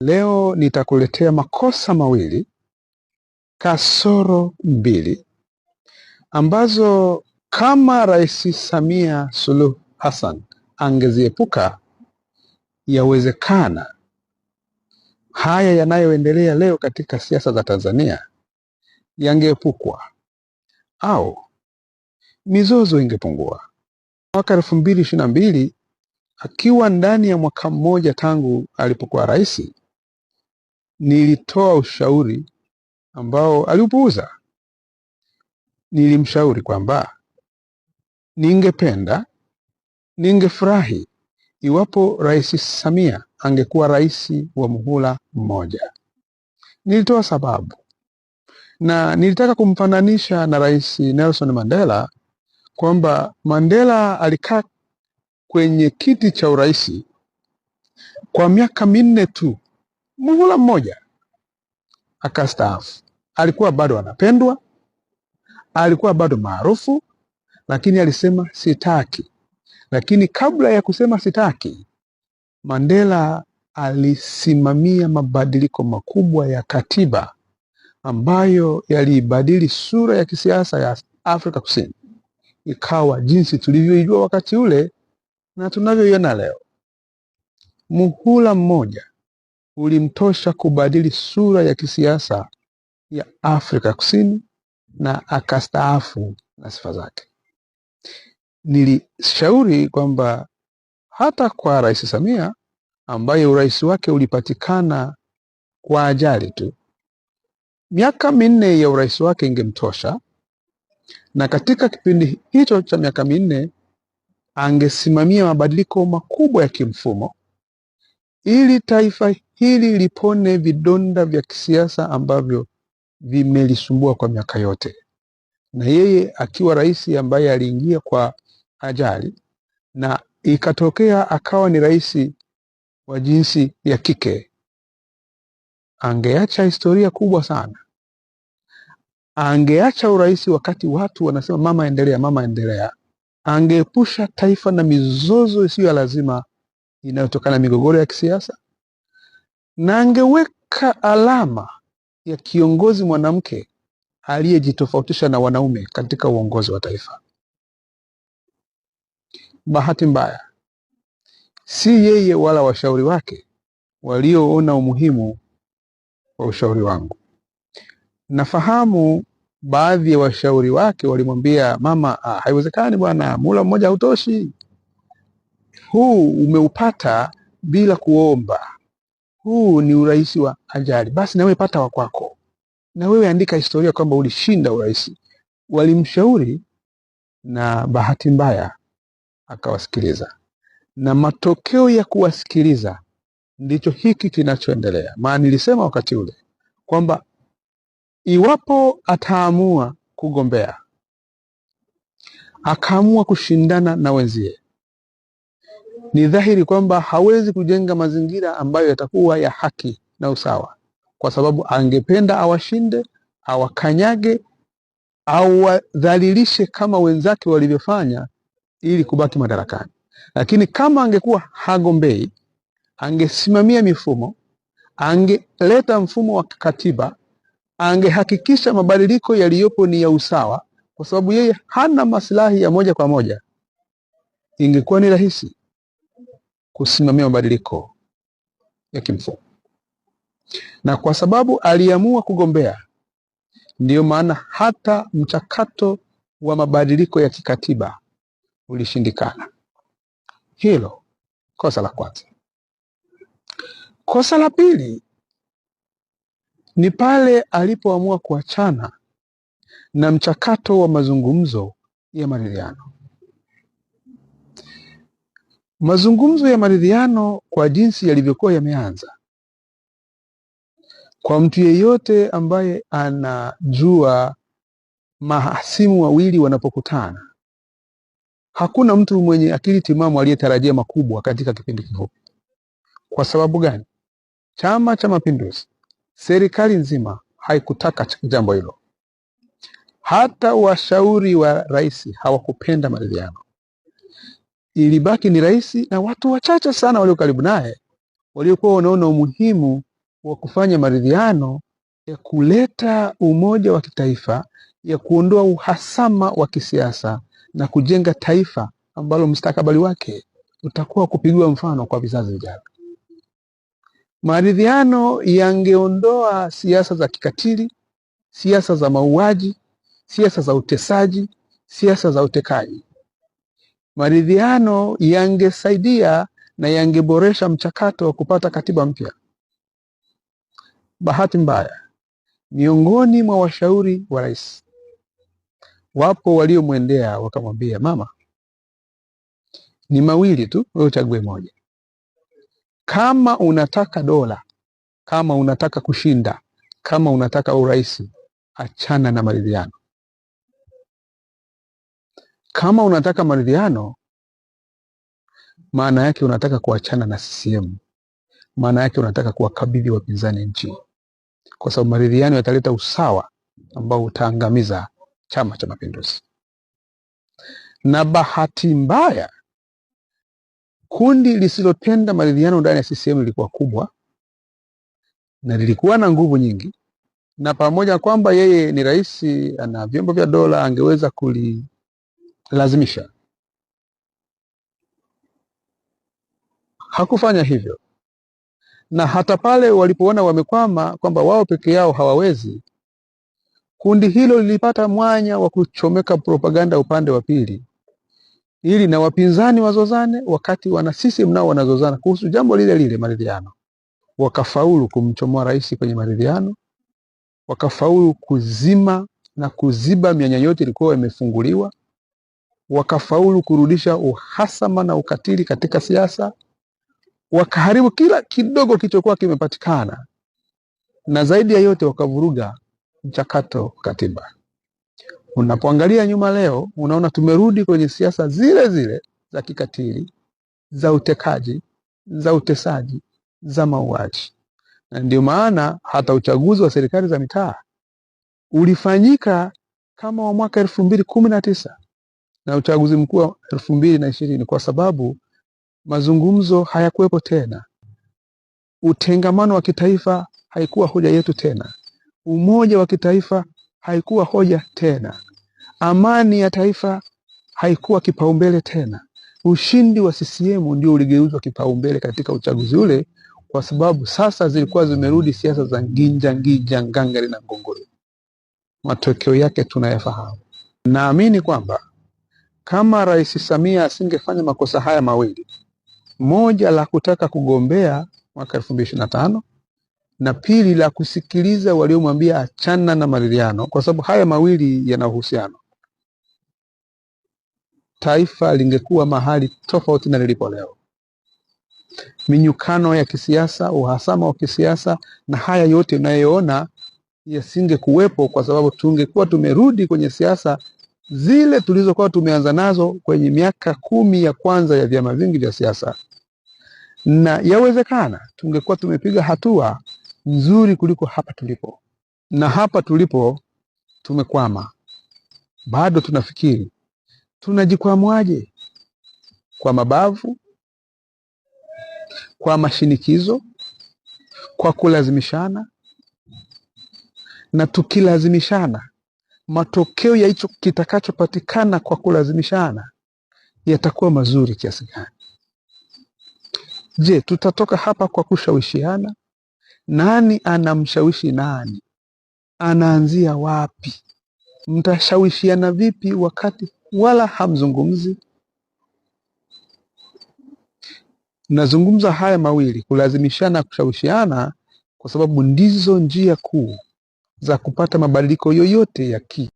Leo nitakuletea makosa mawili kasoro mbili ambazo kama Rais Samia Suluhu Hassan angeziepuka, yawezekana haya yanayoendelea leo katika siasa za Tanzania yangeepukwa au mizozo ingepungua. Mwaka elfu mbili ishirini na mbili akiwa ndani ya mwaka mmoja tangu alipokuwa raisi nilitoa ushauri ambao aliupuuza. Nilimshauri kwamba ningependa, ningefurahi iwapo Rais Samia angekuwa rais wa muhula mmoja. Nilitoa sababu na nilitaka kumfananisha na Rais Nelson Mandela kwamba Mandela alikaa kwenye kiti cha urais kwa miaka minne tu muhula mmoja akastaafu. Alikuwa bado anapendwa, alikuwa bado maarufu, lakini alisema sitaki. Lakini kabla ya kusema sitaki, Mandela alisimamia mabadiliko makubwa ya katiba ambayo yaliibadili sura ya kisiasa ya Afrika Kusini ikawa jinsi tulivyoijua wakati ule na tunavyoiona leo. Muhula mmoja ulimtosha kubadili sura ya kisiasa ya Afrika Kusini na akastaafu na sifa zake. Nilishauri kwamba hata kwa Rais Samia ambaye urais wake ulipatikana kwa ajali tu, miaka minne ya urais wake ingemtosha, na katika kipindi hicho cha miaka minne angesimamia mabadiliko makubwa ya kimfumo ili taifa hili lipone vidonda vya kisiasa ambavyo vimelisumbua kwa miaka yote. Na yeye akiwa rais ambaye aliingia kwa ajali na ikatokea akawa ni rais wa jinsi ya kike, angeacha historia kubwa sana. Angeacha urais wakati watu wanasema mama endelea, mama endelea, angeepusha taifa na mizozo isiyo ya lazima inayotokana na migogoro ya kisiasa, na angeweka alama ya kiongozi mwanamke aliyejitofautisha na wanaume katika uongozi wa taifa. Bahati mbaya, si yeye wala washauri wake walioona umuhimu wa ushauri wangu. Nafahamu baadhi ya washauri wake walimwambia mama, ah, haiwezekani bwana, mula mmoja hautoshi, huu umeupata bila kuomba, huu ni urahisi wa ajali, basi wewe pata wa kwako, na wewe andika historia kwamba ulishinda urahisi Walimshauri na bahati mbaya akawasikiliza, na matokeo ya kuwasikiliza ndicho hiki kinachoendelea. Maana nilisema wakati ule kwamba iwapo ataamua kugombea akaamua kushindana na wenzie ni dhahiri kwamba hawezi kujenga mazingira ambayo yatakuwa ya haki na usawa, kwa sababu angependa awashinde, awakanyage, awadhalilishe kama wenzake walivyofanya ili kubaki madarakani. Lakini kama angekuwa hagombei, angesimamia mifumo, angeleta mfumo wa katiba, angehakikisha mabadiliko yaliyopo ni ya usawa, kwa sababu yeye hana maslahi ya moja kwa moja, ingekuwa ni rahisi kusimamia mabadiliko ya kimfumo, na kwa sababu aliamua kugombea, ndiyo maana hata mchakato wa mabadiliko ya kikatiba ulishindikana. Hilo kosa la kwanza. Kosa la pili ni pale alipoamua kuachana na mchakato wa mazungumzo ya maridhiano. Mazungumzo ya maridhiano kwa jinsi yalivyokuwa yameanza, kwa mtu yeyote ambaye anajua mahasimu wawili wanapokutana, hakuna mtu mwenye akili timamu aliyetarajia makubwa katika kipindi kifupi. Kwa sababu gani? Chama cha Mapinduzi, serikali nzima haikutaka jambo hilo. Hata washauri wa rais hawakupenda maridhiano ilibaki ni rais na watu wachache sana walio karibu naye waliokuwa wanaona umuhimu wa kufanya maridhiano ya kuleta umoja wa kitaifa, ya kuondoa uhasama wa kisiasa na kujenga taifa ambalo mstakabali wake utakuwa kupigiwa mfano kwa vizazi vijavyo. Maridhiano yangeondoa siasa za kikatili, siasa za mauaji, siasa za utesaji, siasa za utekaji maridhiano yangesaidia na yangeboresha mchakato wa kupata katiba mpya. Bahati mbaya, miongoni mwa washauri wa rais wapo waliomwendea wakamwambia, mama, ni mawili tu, wewe uchague moja. Kama unataka dola, kama unataka kushinda, kama unataka urais, achana na maridhiano. Kama unataka maridhiano, maana yake unataka kuachana na CCM, maana yake unataka kuwakabidhi wapinzani nchi, kwa sababu maridhiano yataleta usawa ambao utaangamiza Chama cha Mapinduzi. Na bahati mbaya kundi lisilopenda maridhiano ndani ya CCM lilikuwa kubwa na lilikuwa na nguvu nyingi, na pamoja kwamba yeye ni rais, ana vyombo vya dola, angeweza kuli lazimisha. Hakufanya hivyo, na hata pale walipoona wamekwama kwamba wao peke yao hawawezi, kundi hilo lilipata mwanya wa kuchomeka propaganda upande wa pili, ili na wapinzani wazozane, wakati wana sisi mnao wanazozana kuhusu jambo lile lile, maridhiano. Wakafaulu kumchomoa rais kwenye maridhiano, wakafaulu kuzima na kuziba mianya yote ilikuwa imefunguliwa wakafaulu kurudisha uhasama na ukatili katika siasa, wakaharibu kila kidogo kilichokuwa kimepatikana, na zaidi ya yote wakavuruga mchakato katiba. Unapoangalia nyuma leo, unaona tumerudi kwenye siasa zile zile za kikatili, za utekaji, za utesaji, za mauaji, na ndio maana hata uchaguzi wa serikali za mitaa ulifanyika kama wa mwaka elfu mbili kumi na tisa na uchaguzi mkuu wa elfu mbili na ishirini kwa sababu mazungumzo hayakuwepo tena. Utengamano wa kitaifa haikuwa hoja yetu tena. Umoja wa kitaifa haikuwa hoja tena. Amani ya taifa haikuwa kipaumbele tena. Ushindi wa CCM ndio uligeuzwa kipaumbele katika uchaguzi ule, kwa sababu sasa zilikuwa zimerudi siasa za nginja nginja, ngangari na ngongore. Matokeo yake tunayafahamu. Naamini kwamba kama Rais Samia asingefanya makosa haya mawili, moja la kutaka kugombea mwaka 2025 na pili la kusikiliza waliomwambia achana na maridhiano, kwa sababu haya mawili yana uhusiano, taifa lingekuwa mahali tofauti na lilipo leo. Minyukano ya kisiasa, uhasama wa kisiasa na haya yote unayoona yasingekuwepo, kwa sababu tungekuwa tumerudi kwenye siasa zile tulizokuwa tumeanza nazo kwenye miaka kumi ya kwanza ya vyama vingi vya siasa, na yawezekana tungekuwa tumepiga hatua nzuri kuliko hapa tulipo. Na hapa tulipo tumekwama, bado tunafikiri tunajikwamwaje? Kwa mabavu, kwa mashinikizo, kwa kulazimishana, na tukilazimishana matokeo ya hicho kitakachopatikana kwa kulazimishana yatakuwa mazuri kiasi gani? Je, tutatoka hapa kwa kushawishiana? Nani anamshawishi nani? Anaanzia wapi? Mtashawishiana vipi wakati wala hamzungumzi? Nazungumza haya mawili kulazimishana, kushawishiana, kwa sababu ndizo njia kuu za kupata mabadiliko yoyote ya ki